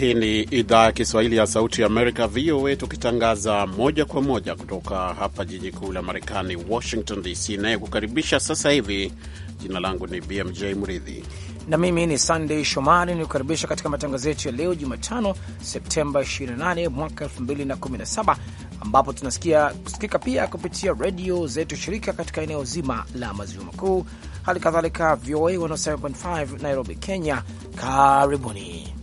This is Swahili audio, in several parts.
Hii ni idhaa ya Kiswahili ya Sauti ya Amerika, VOA, tukitangaza moja kwa moja kutoka hapa jiji kuu la Marekani, Washington DC, inayekukaribisha sasa hivi. Jina langu ni BMJ Mridhi na mimi ni Sandey Shomari, nikukaribisha katika matangazo yetu ya leo Jumatano, Septemba 28 mwaka 2017, ambapo tunasikia kusikika pia kupitia redio zetu shirika katika eneo zima la maziwa makuu, hali kadhalika VOA 107.5 Nairobi, Kenya. Karibuni.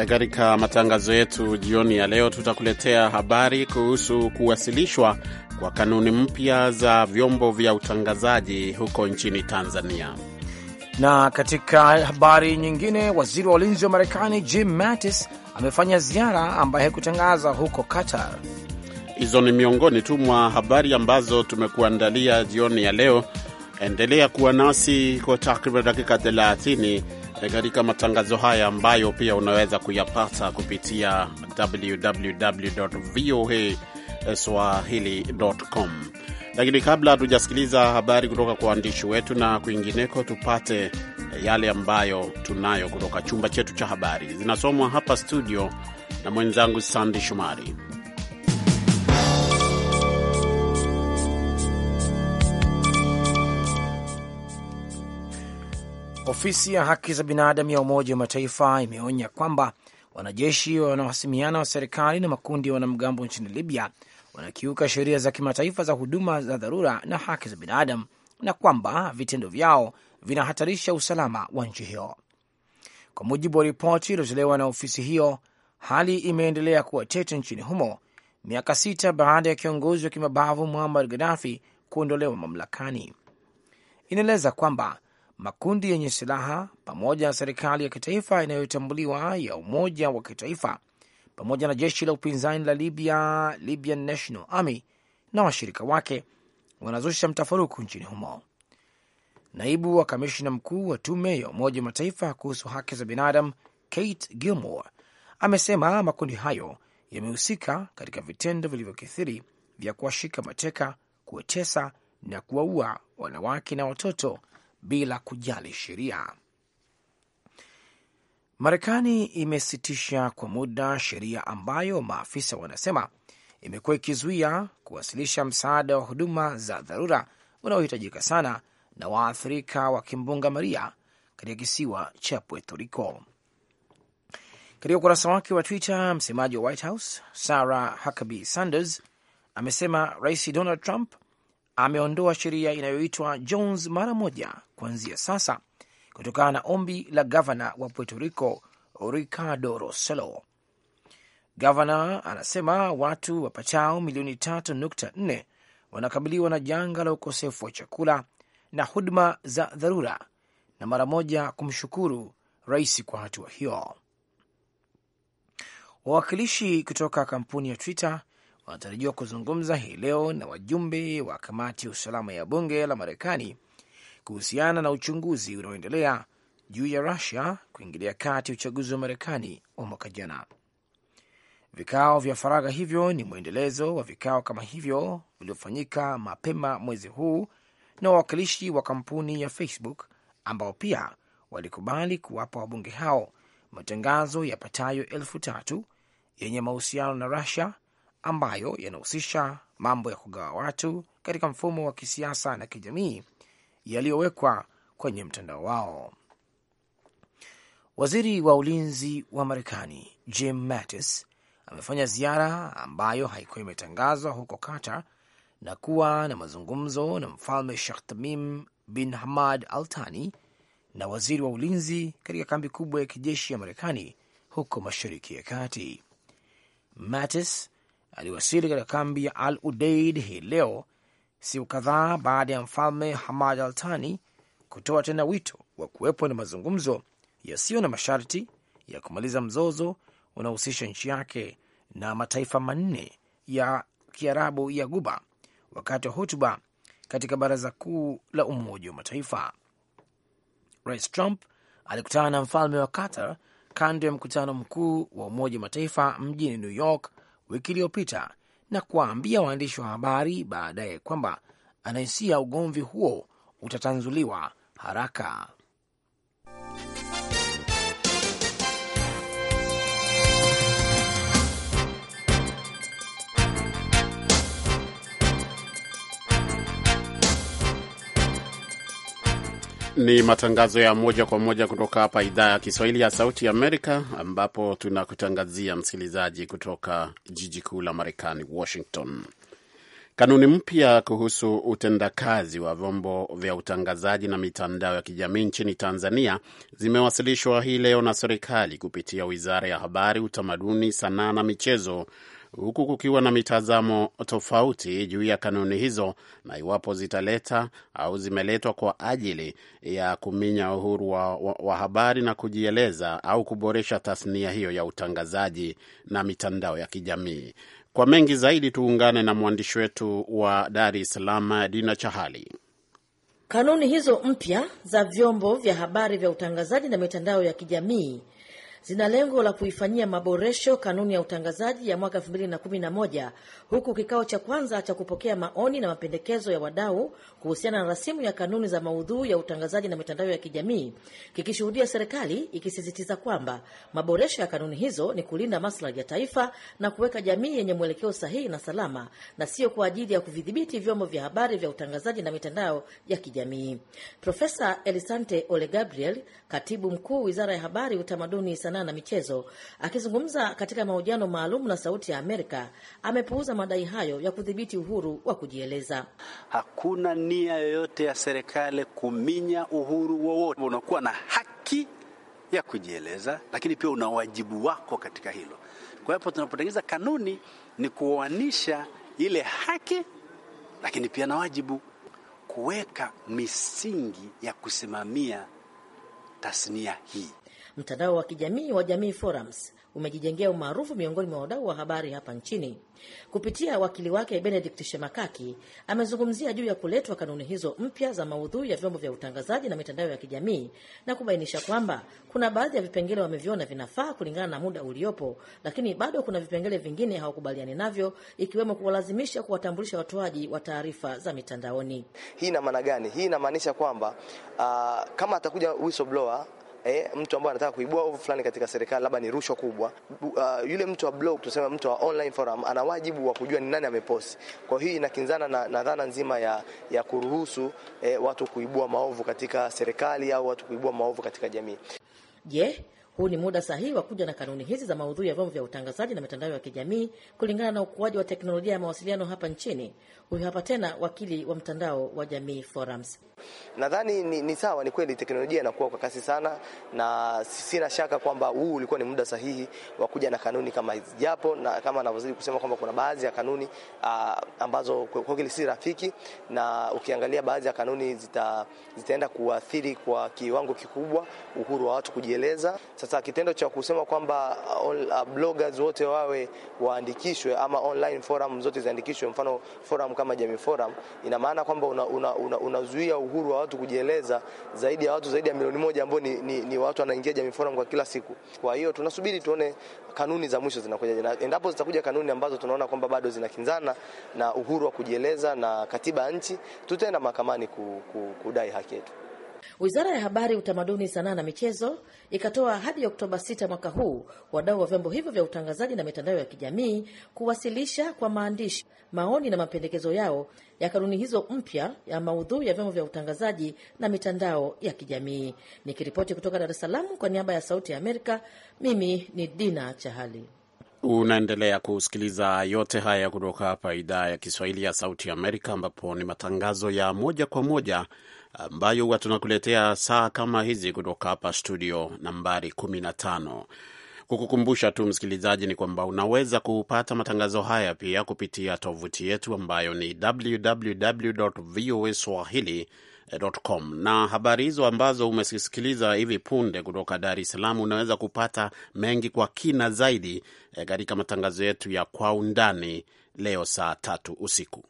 Eh, katika matangazo yetu jioni ya leo, tutakuletea habari kuhusu kuwasilishwa kwa kanuni mpya za vyombo vya utangazaji huko nchini Tanzania. Na katika habari nyingine, waziri wa ulinzi wa Marekani Jim Mattis amefanya ziara ambaye haikutangaza huko Qatar. Hizo ni miongoni tu mwa habari ambazo tumekuandalia jioni ya leo. Endelea kuwa nasi kwa takriban dakika 30 E, katika matangazo haya ambayo pia unaweza kuyapata kupitia www voa swahili.com. Lakini kabla hatujasikiliza habari kutoka kwa waandishi wetu na kwingineko, tupate yale ambayo tunayo kutoka chumba chetu cha habari. Zinasomwa hapa studio na mwenzangu Sandi Shumari. Ofisi ya haki za binadamu ya Umoja wa Mataifa imeonya kwamba wanajeshi wanaohasimiana wa serikali na makundi ya wanamgambo nchini Libya wanakiuka sheria za kimataifa za huduma za dharura na haki za binadamu na kwamba vitendo vyao vinahatarisha usalama wa nchi hiyo. Kwa mujibu wa ripoti iliyotolewa na ofisi hiyo, hali imeendelea kuwa tete nchini humo miaka sita baada ya kiongozi wa kimabavu Muammar Gaddafi kuondolewa mamlakani. Inaeleza kwamba makundi yenye silaha pamoja na serikali ya kitaifa inayotambuliwa ya umoja wa kitaifa pamoja na jeshi la upinzani la Libya, Libyan National Army na washirika wake wanazusha mtafaruku nchini humo. Naibu wa kamishna mkuu wa tume ya Umoja wa Mataifa kuhusu haki za binadamu Kate Gilmore amesema makundi hayo yamehusika katika vitendo vilivyokithiri vya kuwashika mateka, kuwatesa na kuwaua wanawake na watoto bila kujali sheria. Marekani imesitisha kwa muda sheria ambayo maafisa wanasema imekuwa ikizuia kuwasilisha msaada wa huduma za dharura unaohitajika sana na waathirika wa kimbunga Maria katika kisiwa cha Puerto Rico. Katika ukurasa wake wa Twitter, msemaji wa White House Sarah Huckabee Sanders amesema Rais Donald Trump ameondoa sheria inayoitwa Jones mara moja kuanzia sasa kutokana na ombi la gavana wa Puerto Rico Ricardo Rosello. Gavana anasema watu wapatao milioni tatu nukta nne wanakabiliwa na janga la ukosefu wa chakula na huduma za dharura, na mara moja kumshukuru rais kwa hatua hiyo. Wawakilishi kutoka kampuni ya Twitter wanatarajiwa kuzungumza hii leo na wajumbe wa kamati ya usalama ya bunge la Marekani kuhusiana na uchunguzi unaoendelea juu ya Rusia kuingilia kati uchaguzi wa Marekani wa mwaka jana. Vikao vya faragha hivyo ni mwendelezo wa vikao kama hivyo vilivyofanyika mapema mwezi huu na wawakilishi wa kampuni ya Facebook ambao pia walikubali kuwapa wabunge hao matangazo yapatayo elfu tatu yenye mahusiano na Rusia ambayo yanahusisha mambo ya kugawa watu katika mfumo wa kisiasa na kijamii yaliyowekwa kwenye mtandao wao. Waziri wa ulinzi wa Marekani Jim Mattis amefanya ziara ambayo haikuwa imetangazwa huko Qatar na kuwa na mazungumzo na mfalme Sheikh Tamim bin Hamad Al Thani na waziri wa ulinzi katika kambi kubwa ya kijeshi ya Marekani huko Mashariki ya Kati. Mattis aliwasili katika kambi ya Al Udeid hii leo, siku kadhaa baada ya mfalme Hamad Al Thani kutoa tena wito wa kuwepo na mazungumzo yasiyo na masharti ya kumaliza mzozo unaohusisha nchi yake na mataifa manne ya Kiarabu ya Guba wakati wa hotuba katika Baraza Kuu la Umoja wa Mataifa. Rais Trump alikutana na mfalme wa Qatar kando ya mkutano mkuu wa Umoja wa Mataifa mjini New York wiki iliyopita na kuwaambia waandishi wa habari baadaye kwamba anahisia ugomvi huo utatanzuliwa haraka. Ni matangazo ya moja kwa moja kutoka hapa idhaa ya Kiswahili ya Sauti Amerika, ambapo tunakutangazia msikilizaji kutoka jiji kuu la Marekani, Washington. Kanuni mpya kuhusu utendakazi wa vyombo vya utangazaji na mitandao ya kijamii nchini Tanzania zimewasilishwa hii leo na serikali kupitia Wizara ya Habari, Utamaduni, Sanaa na Michezo huku kukiwa na mitazamo tofauti juu ya kanuni hizo na iwapo zitaleta au zimeletwa kwa ajili ya kuminya uhuru wa, wa, wa habari na kujieleza au kuboresha tasnia hiyo ya utangazaji na mitandao ya kijamii. Kwa mengi zaidi tuungane na mwandishi wetu wa Dar es Salaam, Dina Chahali. Kanuni hizo mpya za vyombo vya habari vya utangazaji na mitandao ya kijamii zina lengo la kuifanyia maboresho kanuni ya utangazaji ya mwaka 2011 huku kikao cha kwanza cha kupokea maoni na mapendekezo ya wadau kuhusiana na rasimu ya kanuni za maudhui ya utangazaji na mitandao ya kijamii kikishuhudia serikali ikisisitiza kwamba maboresho ya kanuni hizo ni kulinda maslahi ya taifa na kuweka jamii yenye mwelekeo sahihi na salama na sio kwa ajili ya kuvidhibiti vyombo vya habari vya utangazaji na mitandao ya kijamii. Profesa Elisante Ole Gabriel, katibu mkuu Wizara ya Habari, Utamaduni, sanaa na michezo, akizungumza katika mahojiano maalum na Sauti ya Amerika, amepuuza madai hayo ya kudhibiti uhuru wa kujieleza. Hakuna nia yoyote ya serikali kuminya uhuru wowote. Unakuwa na haki ya kujieleza, lakini pia una wajibu wako katika hilo. Kwa hiyo tunapotengeza kanuni ni kuoanisha ile haki, lakini pia na wajibu, kuweka misingi ya kusimamia tasnia hii. Mtandao wa kijamii wa Jamii Forums umejijengea umaarufu miongoni mwa wadau wa habari hapa nchini. Kupitia wakili wake Benedict Shemakaki, amezungumzia juu ya kuletwa kanuni hizo mpya za maudhui ya vyombo vya utangazaji na mitandao ya kijamii na kubainisha kwamba kuna baadhi ya vipengele wameviona vinafaa kulingana na muda uliopo, lakini bado kuna vipengele vingine hawakubaliani navyo, ikiwemo kuwalazimisha kuwatambulisha watoaji wa taarifa za mitandaoni. Hii ina maana gani? Hii inamaanisha kwamba uh, kama atakuja whistleblower eh, mtu ambaye anataka kuibua ovu fulani katika serikali, labda ni rushwa kubwa, uh, yule mtu wa blog tuseme, mtu wa online forum ana wajibu wa kujua ni nani ameposti. Kwa hiyo inakinzana na, na dhana nzima ya, ya kuruhusu eh, watu kuibua maovu katika serikali au watu kuibua maovu katika jamii. Je, yeah. Huu ni muda sahihi wa kuja na kanuni hizi za maudhui ya vyombo vya utangazaji na mitandao ya kijamii kulingana na ukuaji wa teknolojia ya mawasiliano hapa nchini, Huyu hapa tena wakili wa mtandao wa Jamii Forums. Nadhani ni, ni sawa, ni kweli teknolojia inakuwa kwa kasi sana, na sina shaka kwamba huu ulikuwa ni muda sahihi wa kuja na kanuni kama hizi, japo na kama anavyozidi kusema kwamba kuna baadhi ya kanuni a, ambazo kwa kweli si rafiki, na ukiangalia baadhi ya kanuni zita, zitaenda kuathiri kwa kiwango kikubwa uhuru wa watu kujieleza. Sasa kitendo cha kusema kwamba uh, bloggers wote wawe waandikishwe ama online forum zote ziandikishwe, mfano forum kama Jamii Forum, ina maana kwamba unazuia una, una, una uhuru wa watu kujieleza zaidi ya watu zaidi ya milioni moja ambao ni, ni, ni watu wanaingia Jamii Forum kwa kila siku. Kwa hiyo tunasubiri tuone kanuni za mwisho zinakuja, na endapo zitakuja kanuni ambazo tunaona kwamba bado zinakinzana na uhuru wa kujieleza na katiba ya nchi, tutaenda mahakamani kudai haki yetu. Wizara ya Habari, Utamaduni, Sanaa na Michezo ikatoa hadi Oktoba 6 mwaka huu wadau wa vyombo hivyo vya utangazaji na mitandao ya kijamii kuwasilisha kwa maandishi maoni na mapendekezo yao ya kanuni hizo mpya ya maudhui ya vyombo vya utangazaji na mitandao ya kijamii. Nikiripoti kutoka Dar es Salaam kwa niaba ya Sauti ya Amerika, mimi ni Dina Chahali. Unaendelea kusikiliza yote haya kutoka hapa idhaa ya Kiswahili ya Sauti ya Amerika, ambapo ni matangazo ya moja kwa moja ambayo huwa tunakuletea saa kama hizi kutoka hapa studio nambari 15. Kukukumbusha tu msikilizaji, ni kwamba unaweza kupata matangazo haya pia kupitia tovuti yetu ambayo ni www voa swahili Com. Na habari hizo ambazo umesikiliza hivi punde kutoka Dar es Salaam unaweza kupata mengi kwa kina zaidi eh, katika matangazo yetu ya kwa undani leo saa tatu usiku.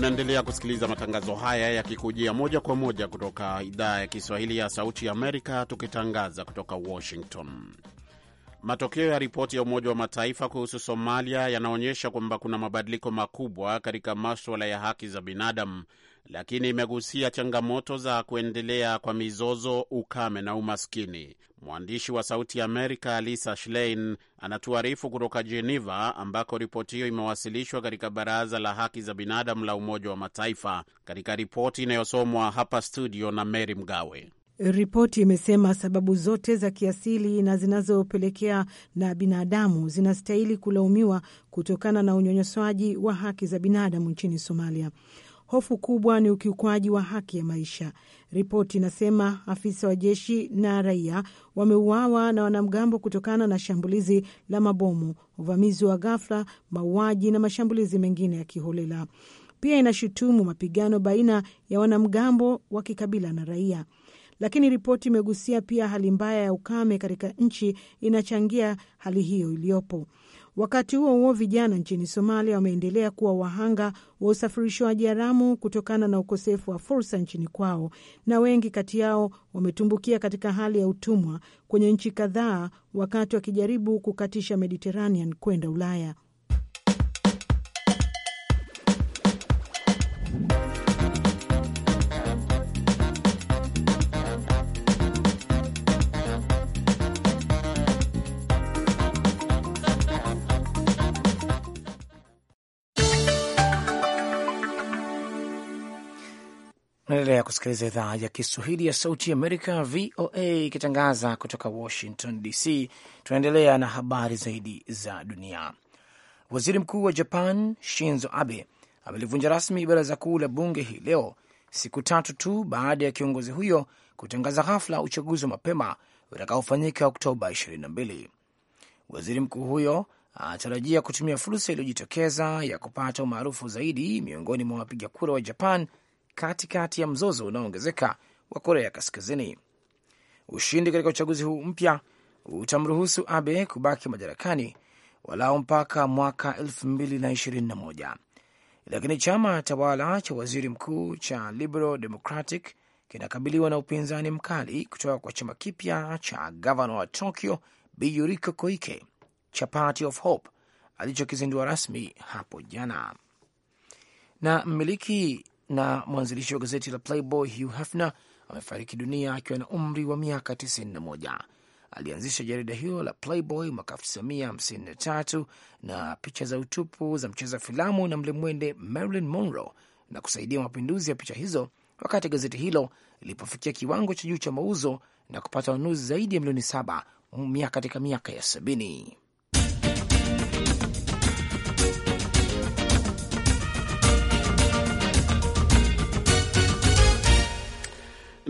Unaendelea kusikiliza matangazo haya yakikujia moja kwa moja kutoka idhaa ya Kiswahili ya Sauti ya Amerika, tukitangaza kutoka Washington. Matokeo ya ripoti ya Umoja wa Mataifa kuhusu Somalia yanaonyesha kwamba kuna mabadiliko makubwa katika maswala ya haki za binadamu lakini imegusia changamoto za kuendelea kwa mizozo, ukame na umaskini. Mwandishi wa Sauti ya Amerika Lisa Schlein anatuarifu kutoka Geneva, ambako ripoti hiyo imewasilishwa katika Baraza la Haki za Binadamu la Umoja wa Mataifa, katika ripoti inayosomwa hapa studio na Mary Mgawe. Ripoti imesema sababu zote za kiasili na zinazopelekea na binadamu zinastahili kulaumiwa kutokana na unyonyoswaji wa haki za binadamu nchini Somalia. Hofu kubwa ni ukiukwaji wa haki ya maisha. Ripoti inasema afisa wa jeshi na raia wameuawa na wanamgambo kutokana na shambulizi la mabomu, uvamizi wa ghafla, mauaji na mashambulizi mengine ya kiholela. Pia inashutumu mapigano baina ya wanamgambo wa kikabila na raia. Lakini ripoti imegusia pia hali mbaya ya ukame katika nchi inachangia hali hiyo iliyopo. Wakati huo huo, vijana nchini Somalia wameendelea kuwa wahanga wa usafirishwaji haramu kutokana na ukosefu wa fursa nchini kwao, na wengi kati yao wametumbukia katika hali ya utumwa kwenye nchi kadhaa, wakati wakijaribu kukatisha Mediteranean kwenda Ulaya. Unaendelea kusikiliza idhaa ya Kiswahili ya Sauti Amerika, VOA, ikitangaza kutoka Washington DC. Tunaendelea na habari zaidi za dunia. Waziri Mkuu wa Japan Shinzo Abe amelivunja rasmi baraza kuu la bunge hii leo, siku tatu tu baada ya kiongozi huyo kutangaza ghafla uchaguzi wa mapema utakaofanyika Oktoba 22. Waziri mkuu huyo anatarajia kutumia fursa iliyojitokeza ya kupata umaarufu zaidi miongoni mwa wapiga kura wa Japan katikati kati ya mzozo unaoongezeka wa Korea Kaskazini. Ushindi katika uchaguzi huu mpya utamruhusu Abe kubaki madarakani walau mpaka mwaka 2021 lakini chama tawala cha waziri mkuu cha Liberal Democratic kinakabiliwa na upinzani mkali kutoka kwa chama kipya cha gavana wa Tokyo Biyuriko Koike cha Party of Hope alichokizindua rasmi hapo jana. Na mmiliki na mwanzilishi wa gazeti la Playboy Hugh Hefner amefariki dunia akiwa na umri wa miaka 91. Alianzisha jarida hilo la Playboy mwaka 1953 na picha za utupu za mcheza filamu na mlimwende Marilyn Monroe na kusaidia mapinduzi ya picha hizo wakati gazeti hilo lilipofikia kiwango cha juu cha mauzo na kupata wanunuzi zaidi ya milioni saba katika miaka ya sabini.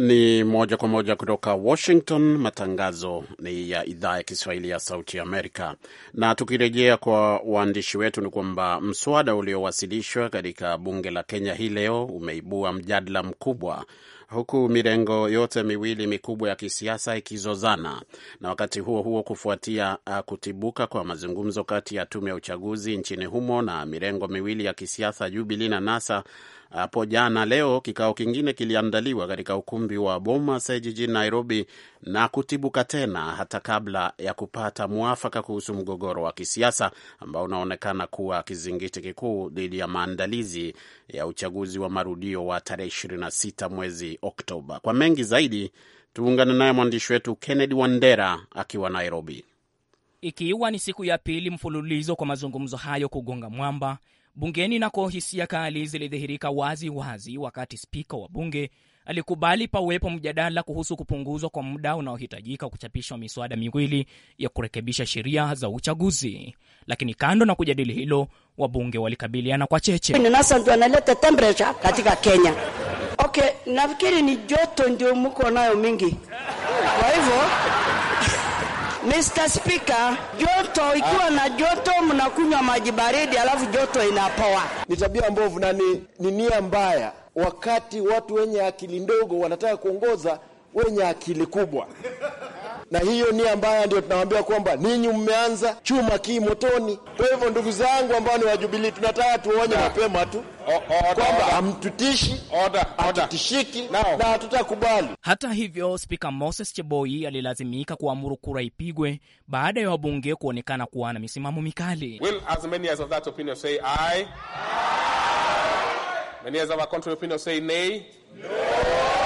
ni moja kwa moja kutoka Washington. Matangazo ni ya idhaa ya Kiswahili ya Sauti ya Amerika. Na tukirejea kwa waandishi wetu, ni kwamba mswada uliowasilishwa katika bunge la Kenya hii leo umeibua mjadala mkubwa huku mirengo yote miwili mikubwa ya kisiasa ikizozana, na wakati huo huo, kufuatia uh, kutibuka kwa mazungumzo kati ya tume ya uchaguzi nchini humo na mirengo miwili ya kisiasa Jubilee na NASA hapo jana. Leo kikao kingine kiliandaliwa katika ukumbi wa Bomas jijini Nairobi na kutibuka tena hata kabla ya kupata mwafaka kuhusu mgogoro wa kisiasa ambao unaonekana kuwa kizingiti kikuu dhidi ya maandalizi ya uchaguzi wa marudio wa tarehe 26 mwezi Oktoba. Kwa mengi zaidi tuungane naye mwandishi wetu Kennedy Wandera akiwa Nairobi. Ikiwa ni siku ya pili mfululizo kwa mazungumzo hayo kugonga mwamba, Bungeni nako hisia kali zilidhihirika wazi wazi wakati spika wa bunge alikubali pawepo mjadala kuhusu kupunguzwa kwa muda unaohitajika kuchapishwa miswada miwili ya kurekebisha sheria za uchaguzi. Lakini kando na kujadili hilo, wabunge walikabiliana kwa cheche. Nasa ndio analeta temperature katika Kenya. Okay, nafikiri ni joto ndio mko nayo mingi, kwa hivyo Mr. Speaker, joto ikiwa ah. na joto mnakunywa maji baridi alafu joto inapoa. Ni tabia mbovu na ni nia mbaya, wakati watu wenye akili ndogo wanataka kuongoza wenye akili kubwa na hiyo ni ambayo ndio tunawaambia kwamba ninyi mmeanza chuma kii motoni. Kwa hivyo ndugu zangu ambao ni wajubilii, tunataka tuonye mapema tu kwamba hamtutishi, hatutishiki na hatutakubali. Hata hivyo, Spika Moses Cheboi alilazimika kuamuru kura ipigwe baada ya wabunge kuonekana kuwa na misimamo mikali. Will as many as of that opinion say aye? Many as of our country opinion say nay? No.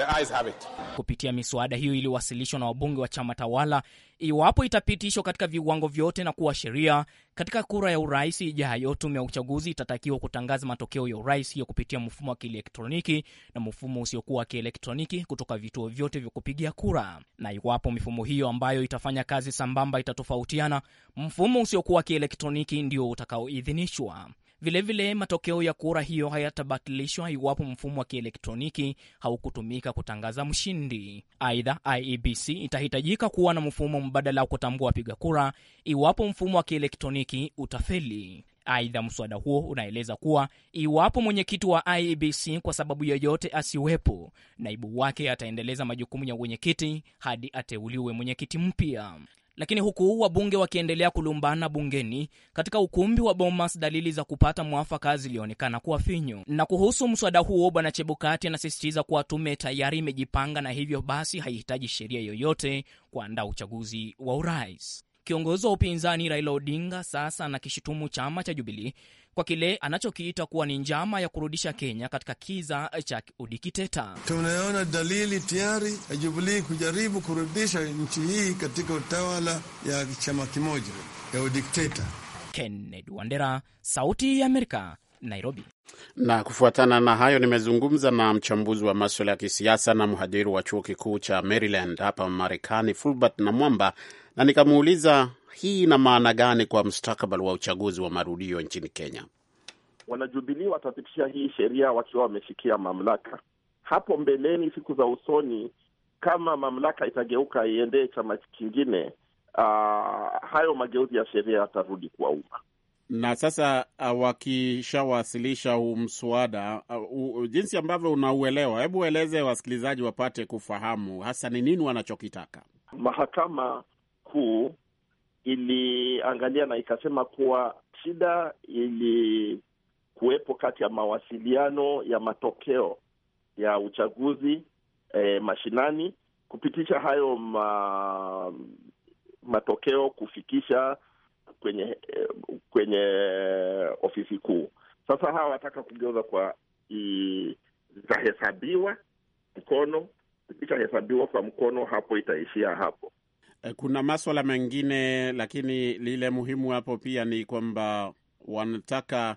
The eyes have it. Kupitia miswada hiyo iliyowasilishwa na wabunge wa chama tawala, iwapo itapitishwa katika viwango vyote na kuwa sheria, katika kura ya urais ijayo, tume ya uchaguzi itatakiwa kutangaza matokeo ya urais hiyo kupitia mfumo wa kielektroniki na mfumo usiokuwa wa kielektroniki kutoka vituo vyote vya kupigia kura. Na iwapo mifumo hiyo ambayo itafanya kazi sambamba itatofautiana, mfumo usiokuwa wa kielektroniki ndio utakaoidhinishwa. Vilevile vile matokeo ya kura hiyo hayatabatilishwa iwapo mfumo wa kielektroniki haukutumika kutangaza mshindi. Aidha, IEBC itahitajika kuwa na mfumo mbadala wa kutambua wapiga kura iwapo mfumo wa kielektroniki utafeli. Aidha, mswada huo unaeleza kuwa iwapo mwenyekiti wa IEBC kwa sababu yoyote asiwepo, naibu wake ataendeleza majukumu ya mwenyekiti hadi ateuliwe mwenyekiti mpya. Lakini huku wabunge wakiendelea kulumbana bungeni katika ukumbi wa Bomas, dalili za kupata mwafaka zilionekana kuwa finyu. Na kuhusu mswada huo, bwana Chebukati anasisitiza kuwa tume tayari imejipanga na hivyo basi haihitaji sheria yoyote kuandaa uchaguzi wa urais. Kiongozi wa upinzani Raila Odinga sasa anakishutumu chama cha jubilii kwa kile anachokiita kuwa ni njama ya kurudisha Kenya katika kiza cha udikiteta. Tunaona dalili tayari ya jubilii kujaribu kurudisha nchi hii katika utawala ya chama kimoja ya udikteta. Kennedy Wandera, Sauti ya Amerika, Nairobi. Na kufuatana na hayo, nimezungumza na mchambuzi wa maswala ya kisiasa na mhadhiri wa chuo kikuu cha Maryland hapa Marekani, Fulbert na Mwamba na nikamuuliza hii ina maana gani kwa mustakabali wa uchaguzi wa marudio nchini Kenya. Wanajubilii watapitisha hii sheria wakiwa wameshikia mamlaka. Hapo mbeleni, siku za usoni, kama mamlaka itageuka iendee chama kingine, uh, hayo mageuzi ya sheria yatarudi kwa umma na sasa uh, wakishawasilisha huu mswada uh, uh, jinsi ambavyo unauelewa, hebu eleze wasikilizaji wapate kufahamu hasa ni nini wanachokitaka. Mahakama kuu iliangalia na ikasema kuwa shida ilikuwepo kati ya mawasiliano ya matokeo ya uchaguzi e, mashinani, kupitisha hayo ma, matokeo kufikisha kwenye kwenye ofisi kuu. Sasa hawa wataka kugeuza kwa zitahesabiwa mkono, zikishahesabiwa kwa mkono, hapo itaishia hapo. Eh, kuna maswala mengine, lakini lile muhimu hapo pia ni kwamba wanataka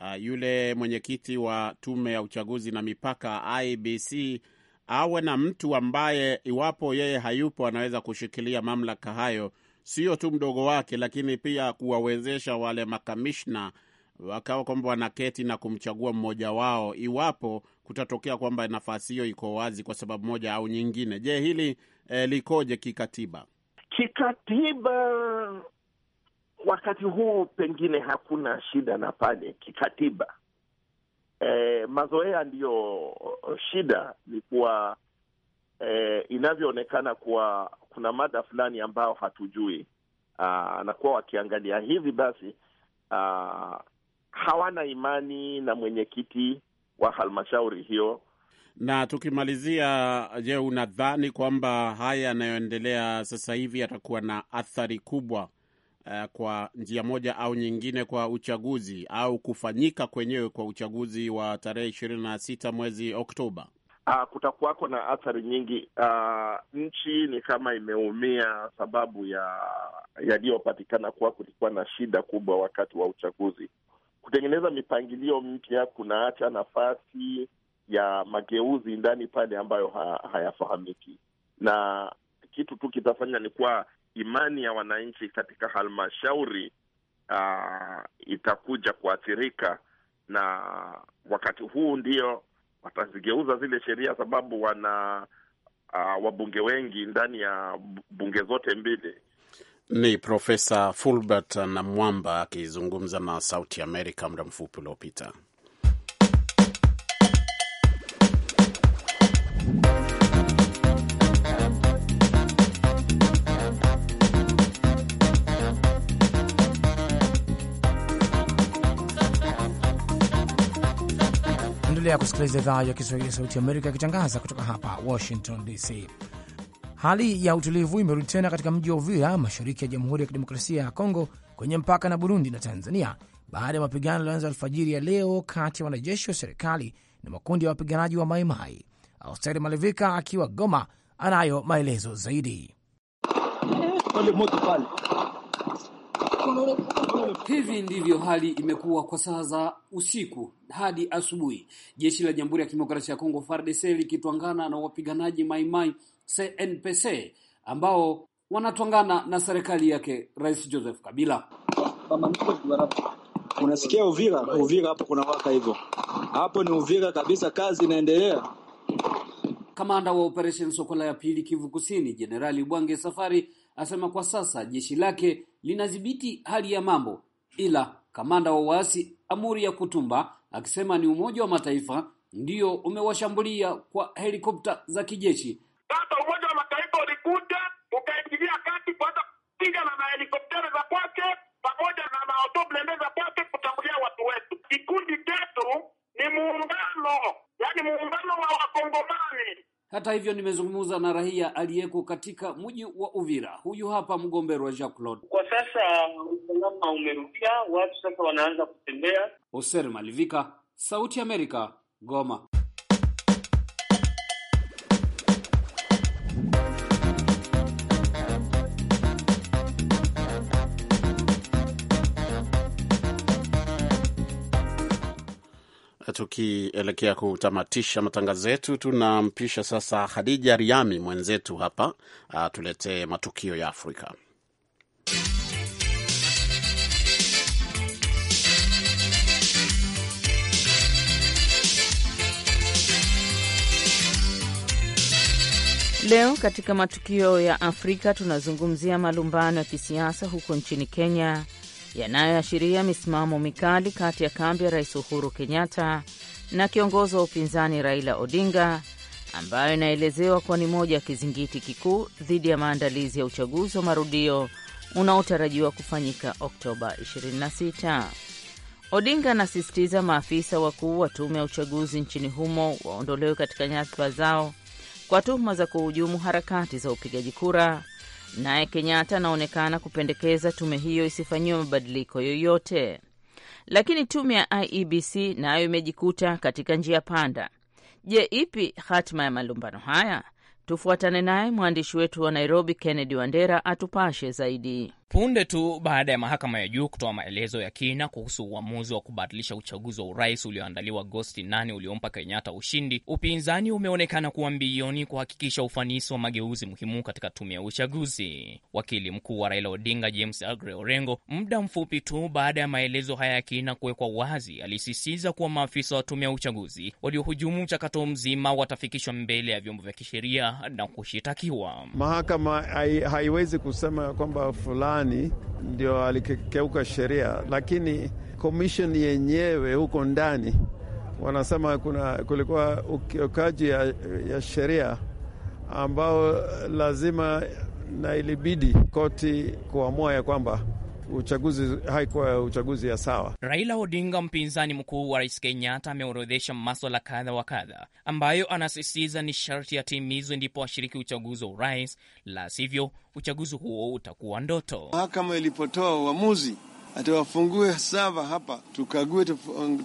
uh, yule mwenyekiti wa tume ya uchaguzi na mipaka IBC awe na mtu ambaye iwapo yeye hayupo anaweza kushikilia mamlaka hayo, sio tu mdogo wake, lakini pia kuwawezesha wale makamishna wakawa kwamba wanaketi na kumchagua mmoja wao iwapo kutatokea kwamba nafasi hiyo iko wazi kwa sababu moja au nyingine. Je, hili eh, likoje kikatiba? Kikatiba wakati huu pengine hakuna shida na pale kikatiba. E, eh, mazoea ndiyo shida. Ni kuwa e, inavyoonekana kuwa kuna mada fulani ambao hatujui anakuwa ah, wakiangalia hivi basi. Aa, ah, hawana imani na mwenyekiti wa halmashauri hiyo na tukimalizia, je, unadhani kwamba haya yanayoendelea sasa hivi yatakuwa na athari kubwa eh, kwa njia moja au nyingine kwa uchaguzi au kufanyika kwenyewe kwa uchaguzi wa tarehe ishirini na sita mwezi Oktoba? Uh, kutakuwako na athari nyingi. Uh, nchi ni kama imeumia sababu ya yaliyopatikana kuwa kulikuwa na shida kubwa wakati wa uchaguzi. Kutengeneza mipangilio mpya kunaacha nafasi ya mageuzi ndani pale ambayo ha, hayafahamiki, na kitu tu kitafanya ni kuwa imani ya wananchi katika halmashauri uh, itakuja kuathirika, na wakati huu ndio watazigeuza zile sheria, sababu wana uh, wabunge wengi ndani ya bunge zote mbili. Ni Profesa Fulbert na Mwamba akizungumza na Sauti Amerika muda mfupi uliopita. Naendelea kusikiliza idhaa ya Kiswahili ya Sauti Amerika ikitangaza kutoka hapa Washington DC. Hali ya utulivu imerudi tena katika mji wa Uvira, mashariki ya Jamhuri ya Kidemokrasia ya Kongo, kwenye mpaka na Burundi na Tanzania, baada ya mapigano yaliyoanza alfajiri ya leo kati ya wanajeshi wa serikali na makundi ya wapiganaji wa Maimai. Austeri Malivika akiwa Goma anayo maelezo zaidi. Hivi ndivyo hali imekuwa kwa saa za usiku hadi asubuhi, jeshi la Jamhuri ya Kidemokrasia ya Kongo FARDC likitwangana na wapiganaji maimai CNPC ambao wanatwangana na serikali yake Rais Joseph Kabila. Unasikia Uvira, Uvira hapo kuna waka hivyo, hapo ni Uvira kabisa, kazi inaendelea. Kamanda wa operesheni Sokola ya pili Kivu Kusini, Jenerali Bwange Safari asema kwa sasa jeshi lake linadhibiti hali ya mambo, ila kamanda wa waasi Amuri ya Kutumba akisema ni Umoja wa Mataifa ndio umewashambulia kwa helikopta za kijeshi. Sasa Umoja wa Mataifa ulikuja ukaingilia kati kuanza kupiga na mahelikoptera za kwake pamoja na maotoblende za kwake kutangulia watu wetu. Kikundi chetu ni muungano, yani muungano wa Wakongomani hata hivyo nimezungumza na raia aliyeko katika mji wa Uvira. Huyu hapa mgomberwa Jacques Claude. Kwa sasa usalama umerudia, watu sasa wanaanza kutembea. Oser Malivika, Sauti ya Amerika, Goma. tukielekea kutamatisha matangazo yetu, tunampisha sasa Khadija Riami mwenzetu hapa atuletee matukio ya Afrika. Leo katika matukio ya Afrika tunazungumzia malumbano ya kisiasa huko nchini Kenya yanayoashiria misimamo mikali kati ya kambi ya Rais Uhuru Kenyatta na kiongozi wa upinzani Raila Odinga, ambayo inaelezewa kuwa ni moja ya kizingiti kikuu dhidi ya maandalizi ya uchaguzi wa marudio unaotarajiwa kufanyika Oktoba 26. Odinga anasisitiza maafisa wakuu wa tume ya uchaguzi nchini humo waondolewe katika nyadhifa zao kwa tuhuma za kuhujumu harakati za upigaji kura naye Kenyatta anaonekana kupendekeza tume hiyo isifanyiwe mabadiliko yoyote. Lakini tume ya IEBC nayo imejikuta katika njia panda. Je, ipi hatima ya malumbano haya? Tufuatane naye mwandishi wetu wa Nairobi, Kennedy Wandera, atupashe zaidi. Punde tu baada ya mahakama ya juu kutoa maelezo ya kina kuhusu uamuzi wa kubatilisha uchaguzi wa urais ulioandaliwa Agosti 8 uliompa Kenyatta ushindi, upinzani umeonekana kuwa mbioni kuhakikisha ufanisi wa mageuzi muhimu katika tume ya uchaguzi. Wakili mkuu wa Raila Odinga James Agre Orengo, muda mfupi tu baada ya maelezo haya ya kina kuwekwa wazi, alisisitiza kuwa maafisa wa tume ya uchaguzi waliohujumu mchakato mzima watafikishwa mbele ya vyombo vya kisheria na kushitakiwa. Mahakama haiwezi kusema kwamba fulani fulani ndio alikeuka sheria, lakini commission yenyewe huko ndani wanasema kuna kulikuwa ukiukaji ya, ya sheria ambao lazima na ilibidi koti kuamua ya kwamba uchaguzi haikuwa uchaguzi ya sawa. Raila Odinga, mpinzani mkuu wa rais Kenyatta, ameorodhesha maswala kadha wa kadha ambayo anasisitiza ni sharti yatimizwe ndipo washiriki uchaguzi wa urais, la sivyo uchaguzi huo utakuwa ndoto. Mahakama ilipotoa uamuzi atawafungue sava hapa, tukague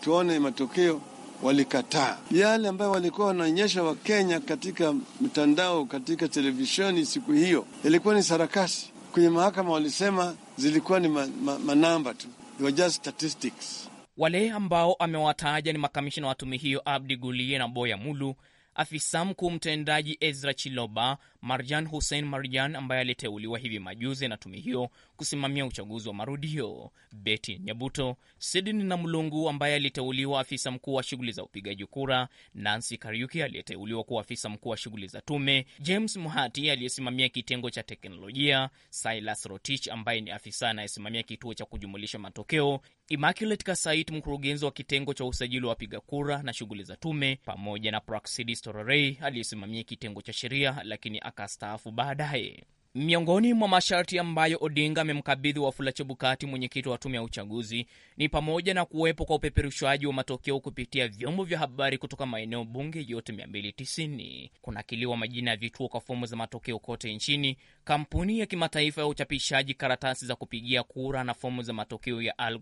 tuone matokeo. Walikataa yale ambayo walikuwa wanaonyesha Wakenya katika mtandao, katika televisheni siku hiyo, ilikuwa ni sarakasi kwenye mahakama walisema zilikuwa ni ma, ma, manamba tu, they were just statistics. Wale ambao amewataja ni makamishina wa tume hiyo Abdi Gulie na Boya Mulu, afisa mkuu mtendaji Ezra Chiloba, Marjan Hussein Marjan ambaye aliteuliwa hivi majuzi na tume hiyo kusimamia uchaguzi wa marudio, Betty Nyabuto, Sidini na Mlungu ambaye aliteuliwa afisa mkuu wa shughuli za upigaji kura, Nancy Kariuki aliyeteuliwa kuwa afisa mkuu wa shughuli za tume, James Muhati aliyesimamia kitengo cha teknolojia, Silas Rotich ambaye ni afisa anayesimamia kituo cha kujumulisha matokeo, Immaculate Kasait mkurugenzi wa kitengo cha usajili wa wapiga kura na shughuli za tume, pamoja na Praxidis Tororei aliyesimamia kitengo cha sheria lakini akastaafu baadaye. Miongoni mwa masharti ambayo Odinga amemkabidhi Wafula Chebukati, mwenyekiti wa tume ya uchaguzi, ni pamoja na kuwepo kwa upeperushaji wa matokeo kupitia vyombo vya habari kutoka maeneo bunge yote 290, kunakiliwa majina ya vituo kwa fomu za matokeo kote nchini, kampuni ya kimataifa ya uchapishaji karatasi za kupigia kura na fomu za matokeo ya Al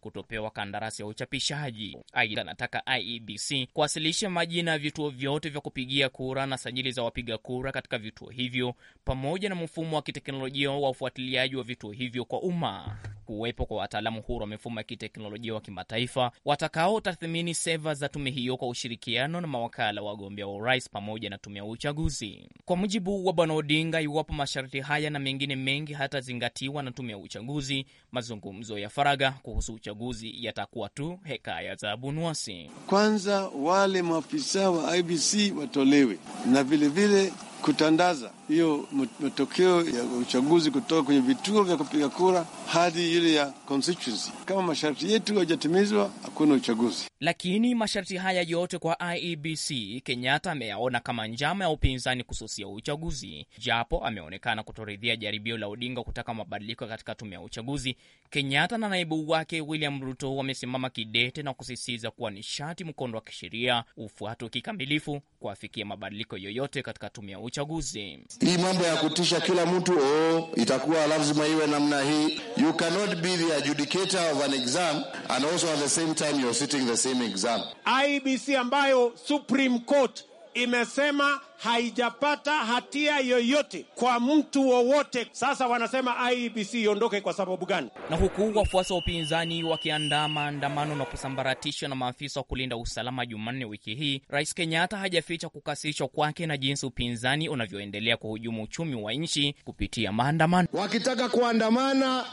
kutopewa kandarasi ya uchapishaji. Aidha, anataka IEBC kuwasilisha majina ya vituo vyote vya kupigia kura na sajili za wapiga kura katika vituo hivyo pamoja pamoja na mfumo wa kiteknolojia wa ufuatiliaji wa vituo hivyo kwa umma, kuwepo kwa wataalamu huru wa mifumo ya kiteknolojia wa kimataifa watakaotathmini seva za tume hiyo kwa ushirikiano na mawakala wa wagombea wa urais pamoja na tume ya uchaguzi. Kwa mujibu wa Bwana Odinga, iwapo masharti haya na mengine mengi hatazingatiwa na tume ya uchaguzi, mazungumzo ya faraga kuhusu uchaguzi yatakuwa tu hekaya za bunwasi Kwanza wale maafisa wa IBC watolewe na vilevile kutandaza hiyo matokeo ya uchaguzi kutoka kwenye vituo vya kupiga kura hadi ile ya constituency. Kama masharti yetu hayajatimizwa, hakuna uchaguzi. Lakini masharti haya yote kwa IEBC, Kenyatta ameyaona kama njama ya upinzani kususia uchaguzi. Japo ameonekana kutoridhia jaribio la Odinga kutaka mabadiliko katika tume ya uchaguzi, Kenyatta na naibu wake William Ruto wamesimama kidete na kusisitiza kuwa ni sharti mkondo wa kisheria ufuatwe kikamilifu kuafikia mabadiliko yoyote katika tume ya uchaguzi. Hii mambo ya kumhamasisha kila mtu oh, itakuwa lazima iwe namna hii. You cannot be the adjudicator of an exam and also at the same time you're sitting the same exam. IBC ambayo Supreme Court imesema haijapata hatia yoyote kwa mtu wowote. Sasa wanasema IEBC iondoke kwa sababu gani? Na huku wafuasi wa upinzani wakiandaa maandamano na kusambaratishwa na maafisa wa kulinda usalama Jumanne wiki hii, Rais Kenyatta hajaficha kukasirishwa kwake na jinsi upinzani unavyoendelea kuhujumu uchumi wa nchi kupitia maandamano. Wakitaka kuandamana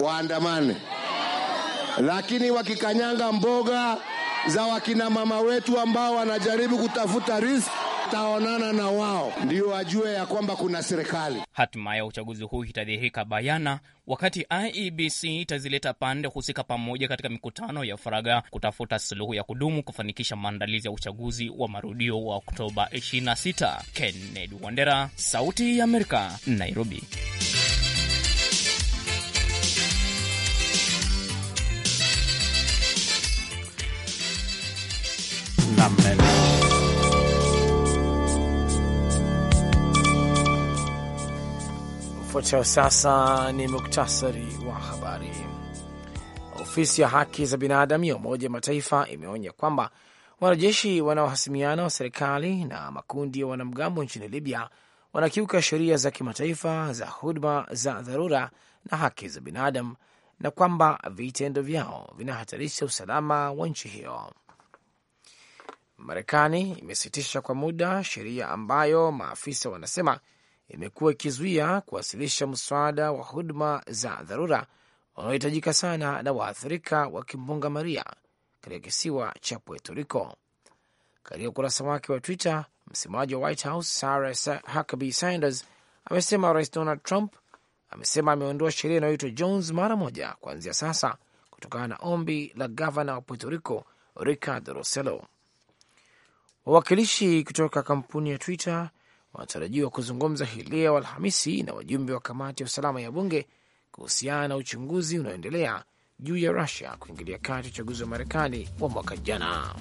waandamane, lakini wakikanyanga mboga za wakinamama wetu ambao wanajaribu kutafuta riziki taonana na wao ndio wajue ya kwamba kuna serikali. Hatima ya uchaguzi huu itadhihirika bayana wakati IEBC itazileta pande husika pamoja katika mikutano ya faraga kutafuta suluhu ya kudumu kufanikisha maandalizi ya uchaguzi wa marudio wa Oktoba 26. Kennedy Wandera, Sauti ya Amerika, Nairobi. na Ufuatao sasa ni muktasari wa habari. Ofisi ya haki za binadamu ya Umoja Mataifa imeonya kwamba wanajeshi wanaohasimiana wa serikali na makundi ya wanamgambo nchini Libya wanakiuka sheria za kimataifa za huduma za dharura na haki za binadamu na kwamba vitendo vyao vinahatarisha usalama wa nchi hiyo. Marekani imesitisha kwa muda sheria ambayo maafisa wanasema imekuwa ikizuia kuwasilisha mswada wa huduma za dharura unaohitajika sana na waathirika wa kimbunga Maria katika kisiwa cha Puerto Rico. Katika ukurasa wake wa Twitter, msemaji wa White House Sarah Huckabee Sanders amesema Rais Donald Trump amesema ameondoa sheria inayoitwa Jones mara moja kuanzia sasa kutokana na ombi la gavana wa Puerto Rico Ricardo Rosello. Wawakilishi kutoka kampuni ya Twitter wanatarajiwa kuzungumza hii leo Alhamisi na wajumbe wa kamati ya usalama ya bunge kuhusiana na uchunguzi unaoendelea juu ya Rusia kuingilia kati uchaguzi wa Marekani wa mwaka jana.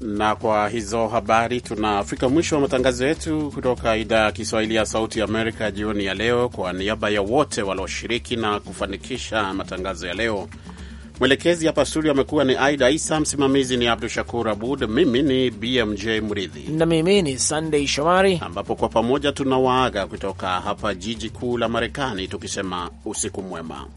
Na kwa hizo habari tunafika mwisho wa matangazo yetu kutoka idhaa ya Kiswahili ya Sauti ya Amerika jioni ya leo. Kwa niaba ya wote walioshiriki na kufanikisha matangazo ya leo, Mwelekezi hapa studio amekuwa ni Aida Isa, msimamizi ni Abdu Shakur Abud, mimi ni BMJ Mridhi na mimi ni sandey Shomari, ambapo kwa pamoja tunawaaga kutoka hapa jiji kuu la Marekani tukisema usiku mwema.